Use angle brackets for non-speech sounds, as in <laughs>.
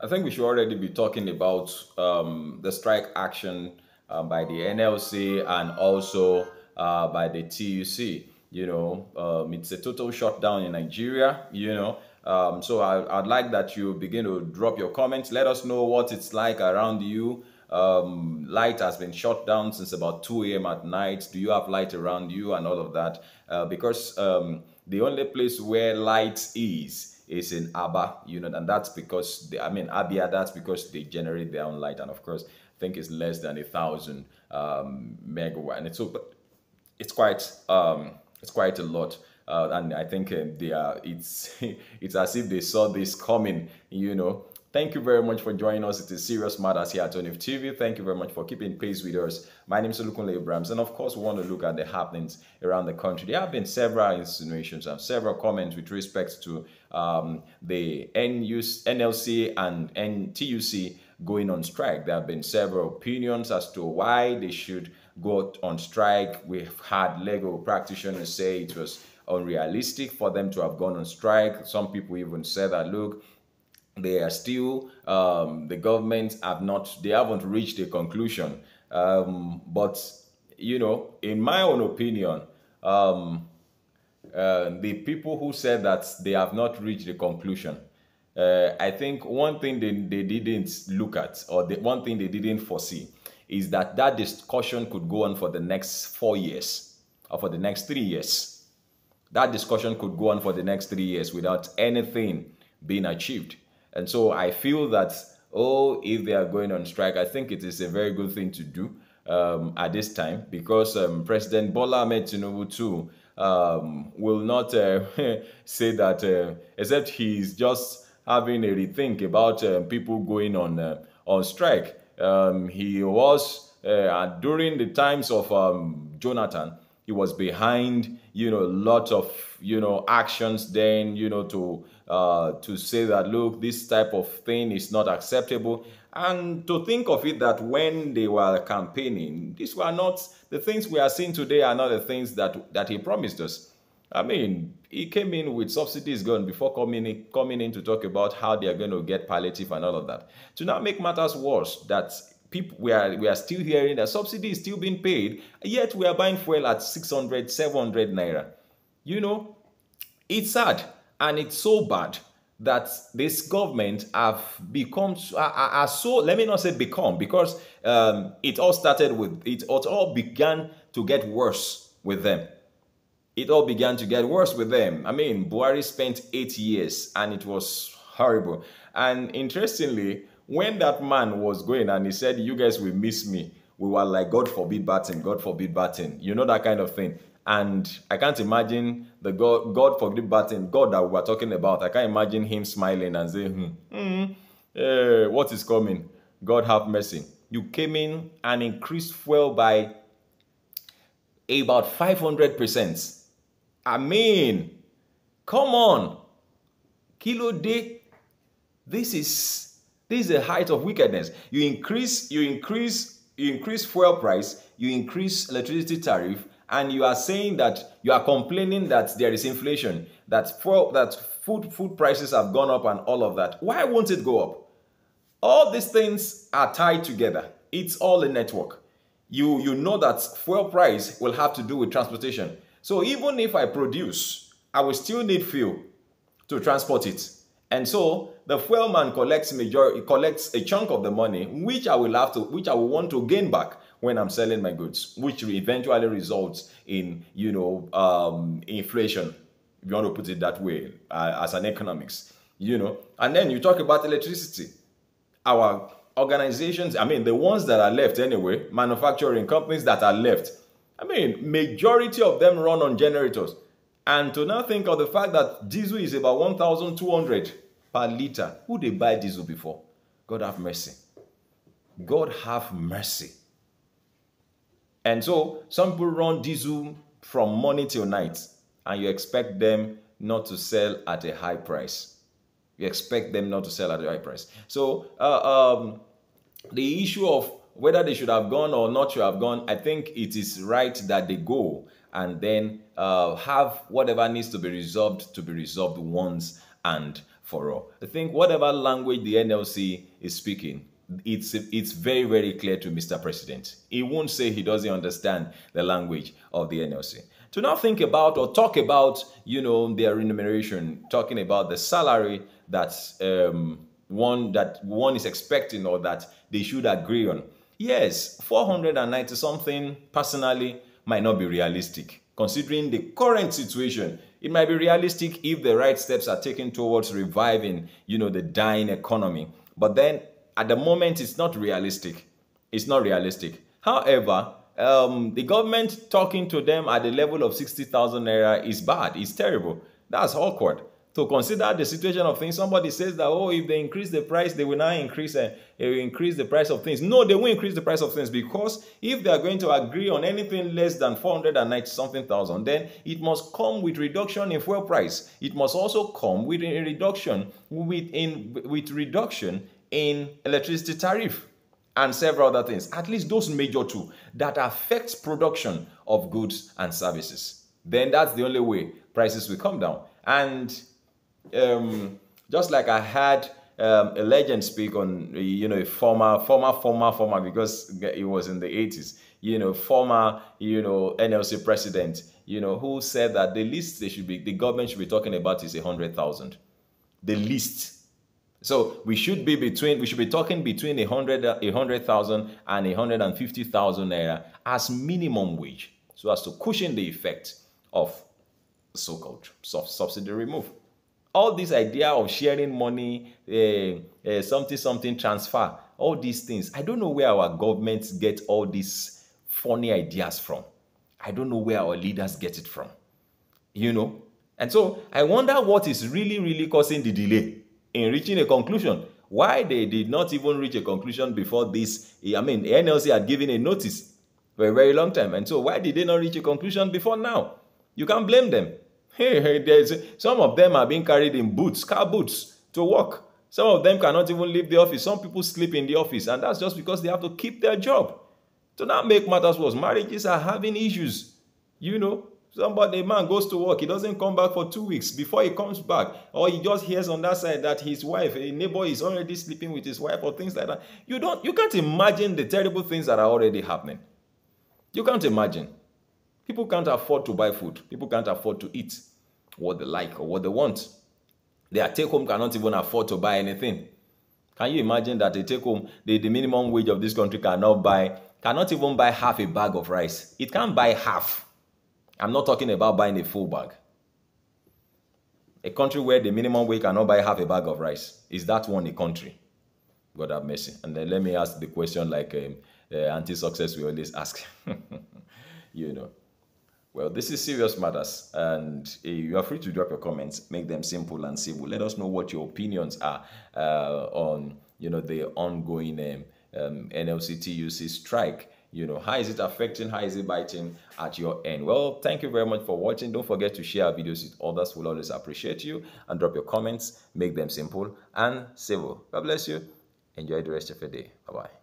I think we should already be talking about um, the strike action uh, by the NLC and also uh, by the TUC. You know, um, it's a total shutdown in Nigeria, you know. Um, so I, would like that you begin to drop your comments. Let us know what it's like around you. Um, light has been shut down since about 2 a.m. at night. Do you have light around you and all of that? Uh, because um, the only place where light is, is in Abba, you know, and that's because they, I mean Abia, that's because they generate their own light, and of course, I think it's less than a thousand um, megawatt, and it's so, but it's quite um, it's quite a lot. Uh, and I think uh, they are. It's <laughs> it's as if they saw this coming, you know, Thank you very much for joining us. It is Serious Matters here at ONIF TV. Thank you very much for keeping pace with us. My name is Olukunle Abrams, and of course, we want to look at the happenings around the country. There have been several insinuations and several comments with respect to um, the NUS, NLC and NTUC going on strike. There have been several opinions as to why they should go on strike. We've had legal practitioners say it was unrealistic for them to have gone on strike. Some people even said that, look, they are still um, the governments have not they haven't reached a conclusion um, but you know in my own opinion um, uh, the people who said that they have not reached a conclusion uh, i think one thing they, they didn't look at or the one thing they didn't foresee is that that discussion could go on for the next four years or for the next three years that discussion could go on for the next three years without anything being achieved and so I feel that, oh, if they are going on strike, I think it is a very good thing to do um, at this time because um, President Bola Ahmed Tinubu, too, um, will not uh, <laughs> say that, uh, except he's just having a rethink about uh, people going on uh, on strike. Um, he was uh, during the times of um, Jonathan he was behind you know lot of you know actions then you know to uh, to say that look this type of thing is not acceptable and to think of it that when they were campaigning these were not the things we are seeing today are not the things that that he promised us i mean he came in with subsidies gone before coming in, coming in to talk about how they are going to get palliative and all of that to now make matters worse that people we are we are still hearing that subsidy is still being paid yet we are buying fuel at 600 700 naira you know it's sad and it's so bad that this government have become are, are so let me not say become because um, it all started with it, it all began to get worse with them it all began to get worse with them i mean buari spent eight years and it was horrible and interestingly when that man was going and he said, You guys will miss me, we were like, God forbid batting, God forbid batting, you know, that kind of thing. And I can't imagine the God, God forbid batting, God that we were talking about. I can't imagine him smiling and saying, hmm, mm, eh, What is coming? God have mercy. You came in and increased fuel by about 500%. I mean, come on. Kilo day. This is this is the height of wickedness. You increase, you increase, you increase fuel price, you increase electricity tariff, and you are saying that you are complaining that there is inflation, that fuel, that food food prices have gone up and all of that. Why won't it go up? All these things are tied together. It's all a network. You you know that fuel price will have to do with transportation. So even if I produce, I will still need fuel to transport it. And so the fuel man collects majority collects a chunk of the money, which I will have to, which I will want to gain back when I'm selling my goods, which eventually results in you know um, inflation. If you want to put it that way, uh, as an economics, you know. And then you talk about electricity. Our organizations, I mean, the ones that are left anyway, manufacturing companies that are left. I mean, majority of them run on generators. And to now think of the fact that diesel is about 1,200 per litre. Who they buy diesel before? God have mercy. God have mercy. And so some people run diesel from morning till night, and you expect them not to sell at a high price. You expect them not to sell at a high price. So uh, um, the issue of whether they should have gone or not should have gone, I think it is right that they go and then uh, have whatever needs to be resolved to be resolved once and for all. I think whatever language the NLC is speaking, it's it's very very clear to Mr. President. He won't say he doesn't understand the language of the NLC. To now think about or talk about you know their remuneration, talking about the salary that um, one that one is expecting or that they should agree on. Yes, 490 something personally might not be realistic. Considering the current situation, it might be realistic if the right steps are taken towards reviving, you know, the dying economy. But then at the moment, it's not realistic. It's not realistic. However, um, the government talking to them at the level of 60,000 naira is bad. It's terrible. That's awkward to consider the situation of things. Somebody says that, oh, if they increase the price, they will now increase uh, increase the price of things. No, they will increase the price of things because if they are going to agree on anything less than 490 something thousand, then it must come with reduction in fuel price. It must also come with a reduction with in with reduction in electricity tariff and several other things. At least those major two that affects production of goods and services. Then that's the only way prices will come down. And um, just like I had um, a legend speak on, you know, former, former, former, former, because it was in the 80s, you know, former, you know, NLC president, you know, who said that the least they should be, the government should be talking about is a 100,000. The least. So we should be between, we should be talking between a 100,000 100, and 150,000 naira as minimum wage so as to cushion the effect of so-called subsidy removal all this idea of sharing money, uh, uh, something, something transfer, all these things. I don't know where our governments get all these funny ideas from. I don't know where our leaders get it from. You know? And so I wonder what is really, really causing the delay in reaching a conclusion. Why they did not even reach a conclusion before this? I mean, NLC had given a notice for a very long time. And so why did they not reach a conclusion before now? You can't blame them there's some of them are being carried in boots, car boots, to work. Some of them cannot even leave the office. Some people sleep in the office, and that's just because they have to keep their job. To not make matters worse, marriages are having issues. You know, somebody, a man goes to work, he doesn't come back for two weeks. Before he comes back, or he just hears on that side that his wife, a neighbor, is already sleeping with his wife, or things like that. You don't, you can't imagine the terrible things that are already happening. You can't imagine. People can't afford to buy food. People can't afford to eat what they like or what they want. Their take home cannot even afford to buy anything. Can you imagine that a take home, the, the minimum wage of this country cannot buy, cannot even buy half a bag of rice? It can't buy half. I'm not talking about buying a full bag. A country where the minimum wage cannot buy half a bag of rice, is that one a country? God have mercy. And then let me ask the question like um, uh, anti success we always ask. <laughs> you know. Well, this is Serious Matters, and uh, you are free to drop your comments. Make them simple and civil. Let us know what your opinions are uh, on, you know, the ongoing um, um, NLCTUC strike. You know, how is it affecting? How is it biting at your end? Well, thank you very much for watching. Don't forget to share our videos with others. We'll always appreciate you. And drop your comments. Make them simple and civil. God bless you. Enjoy the rest of your day. Bye-bye.